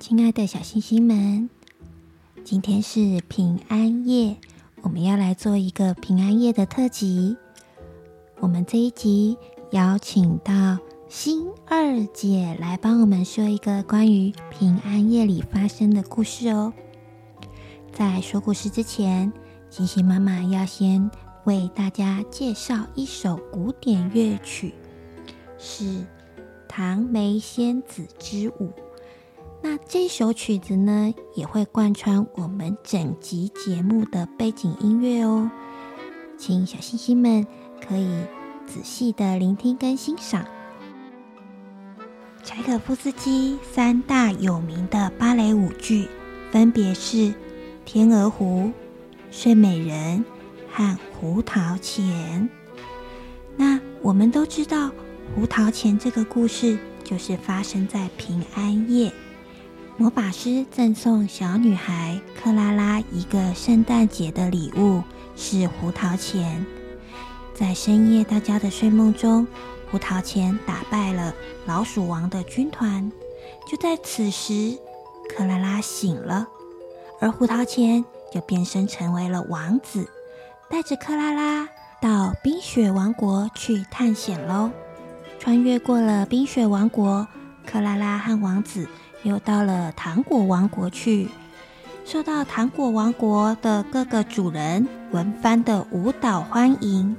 親愛的小星星們，今天是平安夜，我們要來做一個平安夜的特輯。我們這一集邀請到星二姐來幫我們說一個關於平安夜裡發生的故事哦。在說故事之前，星星媽媽要先為大家介紹一首古典樂曲，是《糖梅仙子之舞》。那這首曲子呢，也會貫穿我們整集節目的背景音樂哦，請小星星們可以仔細的聆聽跟欣賞。柴可夫斯基三大有名的芭蕾舞劇分別是《天鵝湖》《睡美人》和《胡桃鉗》。那我們都知道，《胡桃鉗》這個故事就是發生在平安夜。魔法師贈送小女孩克拉拉一個聖誕節的禮物是胡桃鉗。在深夜大家的睡夢中，胡桃鉗打敗了老鼠王的軍團。就在此時，克拉拉醒了，而胡桃鉗就變身成為了王子，帶着克拉拉到冰雪王國去探險嘍。穿越過了冰雪王國，克拉拉和王子。又到了糖果王國去，受到糖果王國的各個主人文番的舞蹈歡迎。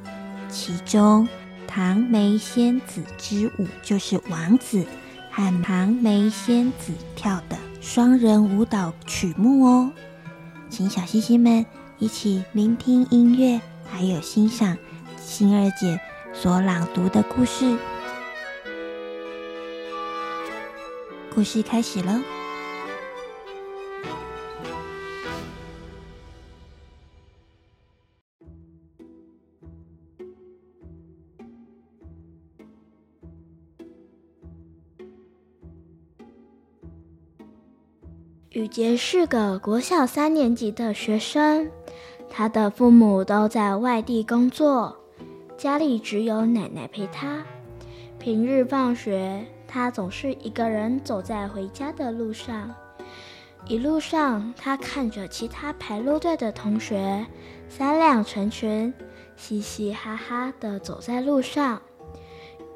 其中，糖梅仙子之舞就是王子和糖梅仙子跳的雙人舞蹈曲目哦。請小星星們一起聆聽音樂，還有欣賞星兒姐所朗讀的故事。故事開始了。雨潔是個國小三年級的學生，她的父母都在外地工作，家裡只有奶奶陪她。平日放學。他總是一個人走在回家的路上，一路上他看着其他排路隊的同學，三兩成群，嘻嘻哈哈地走在路上。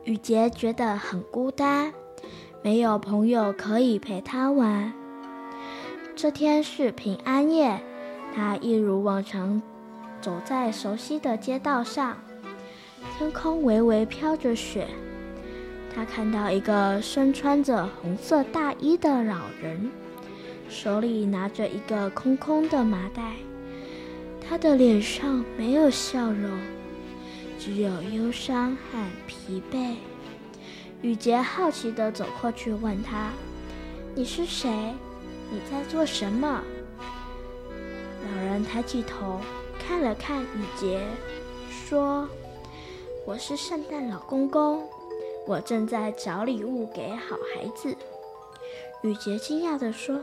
雨潔覺得很孤單，沒有朋友可以陪他玩。這天是平安夜，他一如往常走在熟悉的街道上，天空微微飄着雪。他看到一個身穿着紅色大衣的老人，手裡拿着一個空空的麻袋，他的臉上沒有笑容，只有憂傷和疲憊。雨潔好奇地走過去問他：“你是誰？你在做什麼？”老人抬起頭看了看雨潔，說：“我是聖誕老公公。”我正在找禮物給好孩子。雨潔驚訝地說：“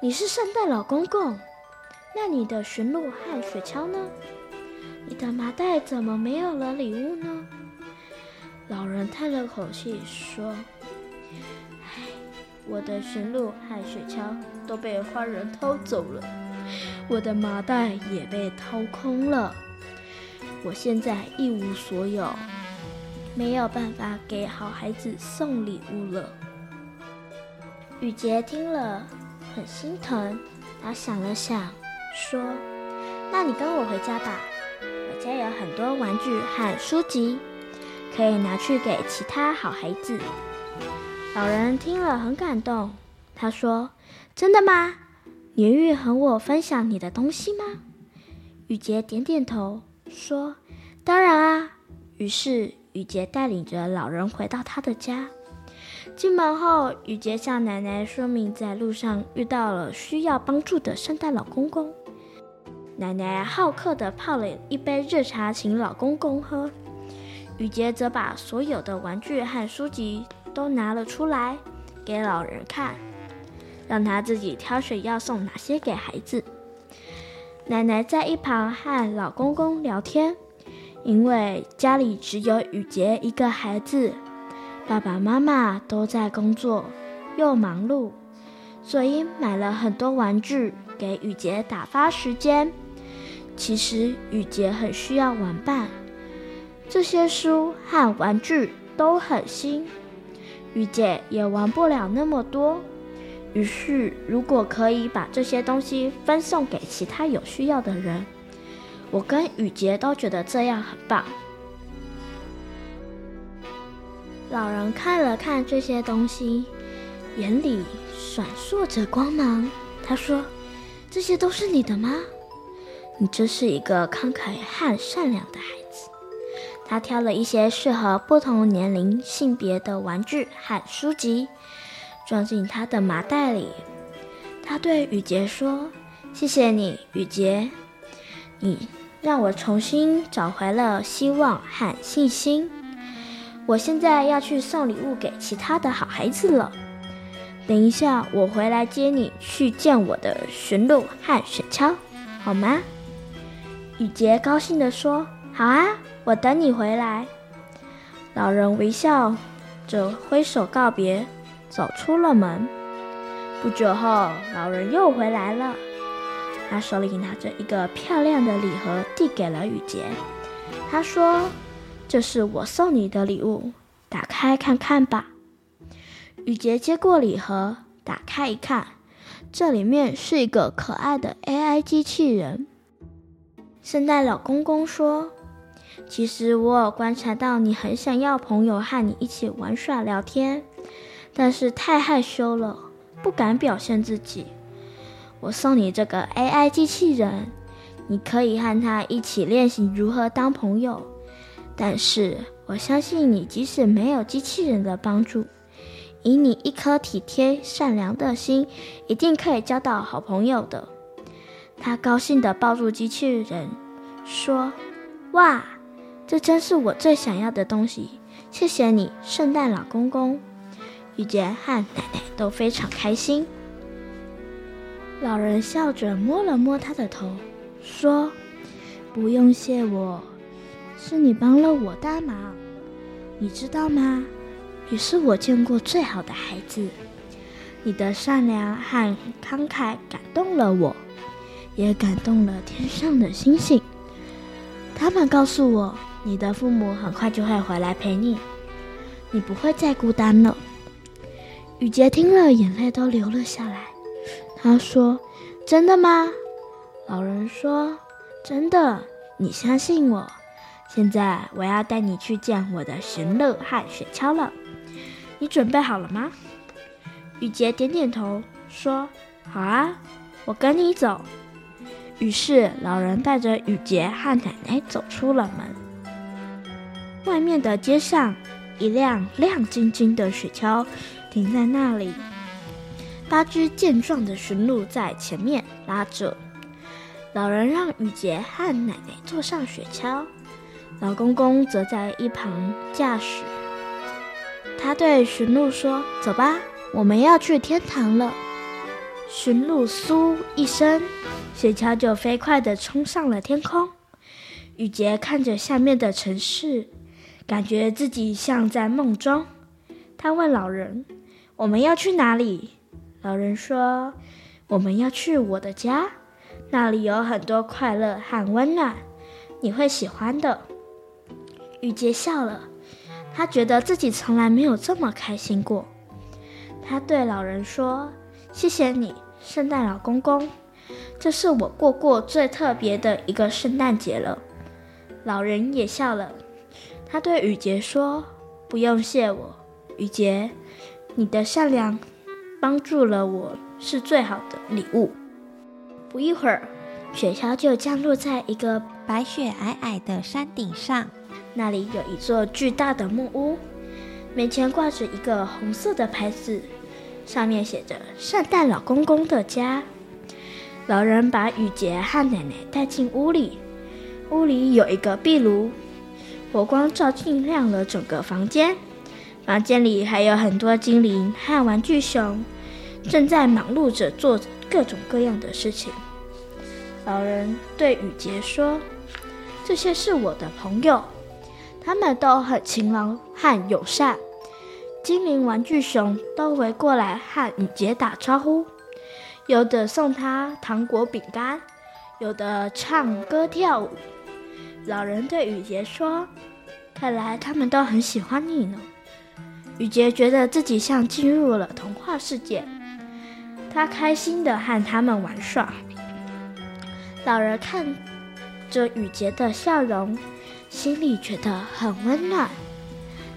你是聖誕老公公？那你的馴鹿和雪橇呢？你的麻袋怎麼沒有了禮物呢？”老人嘆了口氣說：“唉，我的馴鹿和雪橇都被壞人偷走了，我的麻袋也被掏空了，我現在一無所有。”沒有辦法給好孩子送禮物了。雨潔聽了很心疼，她想了想，說：“那你跟我回家吧，我家有很多玩具和書籍，可以拿去給其他好孩子。”老人聽了很感動，他說：“真的嗎？你願意和我分享你的東西嗎？”雨潔點點頭，說：“當然啊。”於是，雨潔帶領着老人回到她的家。進門後，雨潔向奶奶說明在路上遇到了需要幫助的聖誕老公公。奶奶好客的泡了一杯熱茶請老公公喝，雨潔則把所有的玩具和書籍都拿了出來給老人看，讓他自己挑選要送哪些給孩子。奶奶在一旁和老公公聊天。因為家裡只有雨潔一個孩子，爸爸媽媽都在工作，又忙碌，所以買了很多玩具給雨潔打發時間。其實雨潔很需要玩伴，這些書和玩具都很新，雨潔也玩不了那麼多。於是，如果可以把這些東西分送給其他有需要的人。我跟雨潔都覺得這樣很棒。老人看了看這些東西，眼裡閃爍着光芒。他說：“這些都是你的嗎？你真是一個慷慨和善良的孩子。”他挑了一些適合不同年齡、性別的玩具和書籍，裝進他的麻袋裡。他對雨潔說：“謝謝你，雨潔。你、嗯、讓我重新找回了希望和信心。我現在要去送禮物給其他的好孩子了。等一下，我回來接你去見我的馴鹿和雪橇，好嗎？雨潔高興地說：“好啊，我等你回來。”老人微笑着揮手告別，走出了門。不久後，老人又回來了。他手裡拿着一個漂亮的禮盒，遞給了雨潔。他說：“這是我送你的禮物，打開看看吧。”雨潔接過禮盒，打開一看，這裡面是一個可愛的 AI 機器人。聖誕老公公說：“其實我有觀察到，你很想要朋友和你一起玩耍、聊天，但是太害羞了，不敢表現自己。”我送你這個 AI 機器人，你可以和它一起練習如何當朋友。但是我相信你，即使沒有機器人的幫助，以你一顆體貼善良的心，一定可以交到好朋友的。他高興地抱住機器人，說：“哇，這真是我最想要的東西！謝謝你，聖誕老公公。”雨潔和奶奶都非常開心。老人笑着摸了摸他的頭，說：“不用謝我，是你幫了我大忙。你知道嗎？你是我見過最好的孩子。你的善良和慷慨感動了我，也感動了天上的星星。他們告訴我，你的父母很快就會回來陪你，你不會再孤單了。”雨潔聽了，眼淚都流了下來。他說：“真的嗎？”老人說：“真的，你相信我。現在我要帶你去見我的神鹿和雪橇了。你準備好了嗎？”雨潔點點頭說：“好啊，我跟你走。”於是老人帶着雨潔和奶奶走出了門。外面的街上，一輛亮，亮晶晶的雪橇停在那裡。八隻健壯的馴鹿在前面拉着，老人讓雨潔和奶奶坐上雪橇，老公公則在一旁駕駛。他對馴鹿說：“走吧，我們要去天堂了。”馴鹿“嗖”一聲，雪橇就飛快的衝上了天空。雨潔看着下面的城市，感覺自己像在夢中。他問老人：“我們要去哪裡？”老人說：“我們要去我的家，那裡有很多快樂和溫暖，你會喜歡的。”雨潔笑了，她覺得自己從來沒有這麼開心過。她對老人說：“謝謝你，聖誕老公公，這是我過過最特別的一個聖誕節了。”老人也笑了，他對雨潔說：“不用謝我，雨潔，你的善良。”幫助了我是最好的禮物。不一會兒，雪橇就降落在一個白雪皚皚的山頂上，那裡有一座巨大的木屋，門前掛着一個紅色的牌子，上面寫着“聖誕老公公的家”。老人把雨潔和奶奶帶進屋裡，屋裡有一個壁爐，火光照進亮了整個房間。房間裡還有很多精靈和玩具熊。正在忙碌着做各種各樣的事情。老人對雨潔說：“這些是我的朋友，他們都很勤勞和友善。”精靈玩具熊都圍過來和雨潔打招呼，有的送他糖果餅乾，有的唱歌跳舞。老人對雨潔說：“看來他們都很喜歡你呢。”雨潔覺得自己像進入了童話世界。他開心地和他們玩耍。老人看着雨潔的笑容，心裡覺得很溫暖。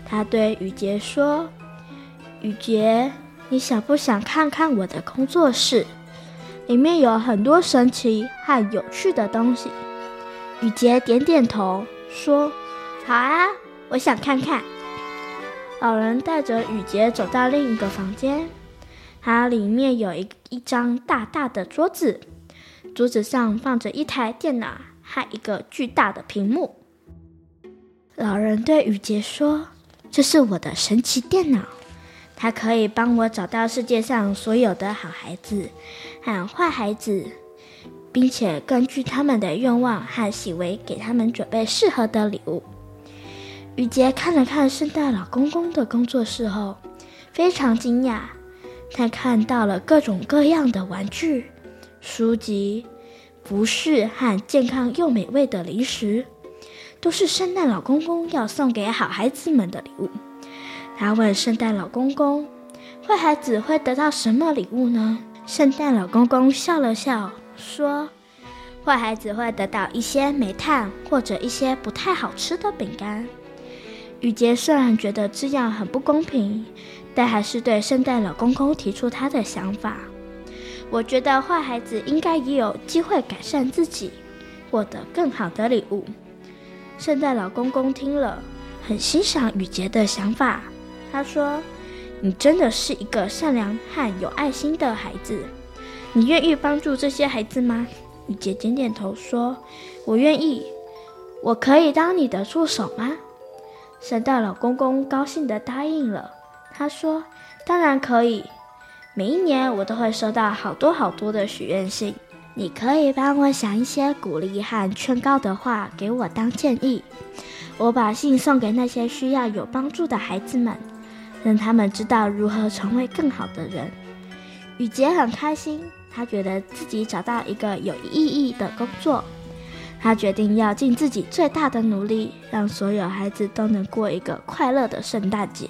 他對雨潔說：“雨潔，你想不想看看我的工作室？裡面有很多神奇和有趣的東西。”雨潔點點頭說：“好啊，我想看看。”老人帶着雨潔走到另一個房間。它裡面有一一張大大的桌子，桌子上放着一台電腦和一個巨大的屏幕。老人對雨潔說：“這是我的神奇電腦，它可以幫我找到世界上所有的好孩子和壞孩子，並且根據他們的願望和行為，給他們準備適合的禮物。”雨潔看了看聖誕老公公的工作室後，非常驚訝。他看到了各種各樣的玩具、書籍、服飾和健康又美味的零食，都是聖誕老公公要送給好孩子們的禮物。他問聖誕老公公：“壞孩子會得到什麼禮物呢？”聖誕老公公笑了笑說：“壞孩子會得到一些煤炭或者一些不太好吃的餅乾。”雨潔雖然覺得這樣很不公平，但還是對聖誕老公公提出他的想法。我覺得壞孩子應該也有機會改善自己，獲得更好的禮物。聖誕老公公聽了，很欣賞雨潔的想法。他說：“你真的是一個善良和有愛心的孩子。你願意幫助這些孩子嗎？”雨潔點點頭說：“我願意。我可以當你的助手嗎？”聖誕老公公高興地答應了。他說：“當然可以，每一年我都會收到好多好多的許願信。你可以幫我想一些鼓勵和勸告的話給我當建議。我把信送給那些需要有幫助的孩子們，讓他們知道如何成為更好的人。”雨潔很開心，她覺得自己找到一個有意義的工作。他決定要盡自己最大的努力，讓所有孩子都能過一個快樂的聖誕節。